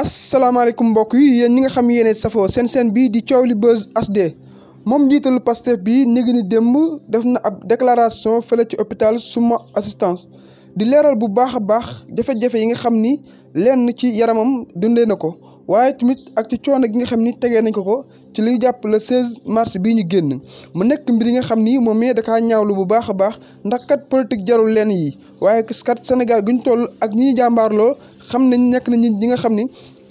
asalaamaaleykum mbokk yi yéen ñi nga xam yéene safoo seen seen bii di coow li Buzz HD moom njiitalu Pastef bi néegi ni démb def na ab déclaration fële ci hôpital suma assistance di leeral bu baax a baax jafe-jafe yi nga xam ni lenn ci yaramam dundee na ko waaye tamit ak ci coono gi nga xam ni tegee nañ ko ko ci luy ñu jàpp le 16 mars bii ñu génn mu nekk mbir yi nga xam ni moom mee dakaa ñaawlu bu baax a baax ndax kat politique jarul leen yi waaye kat Sénégal gi ñu toll ak ñi ñu jàmbaarloo xam nañ nekk na nit ñi nga xam ni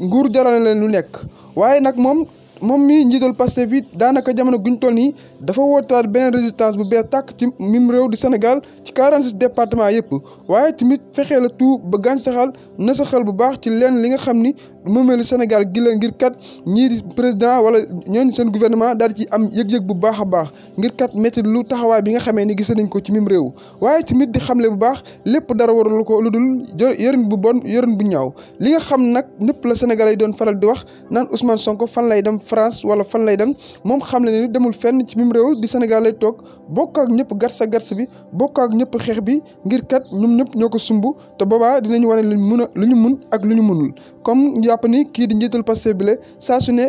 nguur jaral na leen lu nekk waaye nag moom moom mii njiital Pastef bi daanaka jamono guñ toll nii dafa wootaat benn résistance bu bees tàkk ci mim réew di Sénégal ci 46 département yëpp waaye tamit fexee la tout ba gàncaxal na saxal bu baax ci lenn li nga xam ni moomeelu Sénégal gi ngir kat ñii di président wala ñooñu seen gouvernement daal di ci am yëg-yëg bu baax a baax ngir kat métti lu taxawaay bi nga xamee ni gis nañ ko ci mim réew waaye tamit di xamle bu baax lépp dara warul ko lu dul yorin bu bon yorin bu ñaaw li nga xam nag ñëpp la Sénégal yi doon faral di wax naan Ousmane Sonko fan lay dem France wala fan lay dem moom xam le ne demul fenn ci mim réew di Sénégal lay toog bokk ak ñëpp garsa garsa bi bokk ak ñëpp xeex bi ngir kat ñoom ñëpp ñoo ko sumb te boobaa dinañu wane lu ñu mun a lu ñu mun ak lu ñu munul comme jàpp ni kii di njiital Pastef bi la saa su ne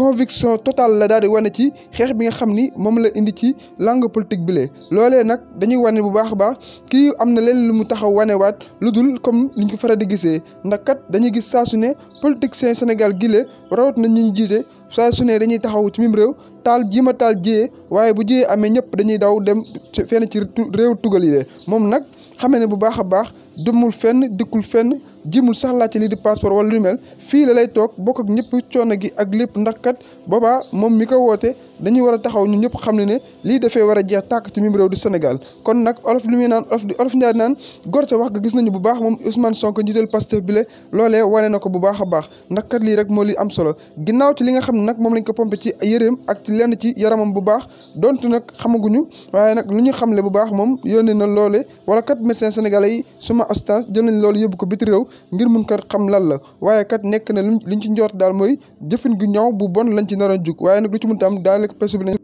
conviction totale la daal di wane ci xeex bi nga xam ni moom la indi ci langue politique bi lee loolee nag dañuy wane bu baax a baax kii am na leen lu mu taxaw wanewaat lu dul comme liñ ko faral di gisee ndax kat dañuy gis saa su ne politiciens Sénégal gi rawat na ñi ñu gisee saa su ne dañuy taxaw ci mim réew taal jiima taal jiyee waaye bu jiyee amee ñëpp dañuy daw dem fenn ci réew tugal yi lee moom nag xamee ne bu baax a baax demul fenn dikkul fenn jimul sax laajte lii di passeport wala lu mel fii la lay toog bokk ak ñëpp coono gi ak lépp ndax kat boobaa moom mi ko woote dañuy wara taxaw ñun ñëpp xam né li lii wara jé tak timim réew du Sénégal kon nak olof limi naan olof di olof njaay naan gor sa wax ga gis nañu bu baax mom Ousmane Sonko jittel pasteur bi lé lolé wané nako bu baaxa baax nak kat li rek mo li am solo ginnaw ci li nga xam nak mom lañ ko pompé ci yëreem ak ci lén ci yaramam bu baax donc nak xamaguñu wayé nak luñu xamlé bu baax mom yoné na lolé wala kat médecin sénégalais yi suma ostance jël nañ lolé yóbbu ko biti réew ngir mën kat xam lan la wayé kat nek na luñ ci njort dal moy jëfin gu ñaw bu bon lañ ci naroon juk wayé nak lu ci mun tam dal que eu percebi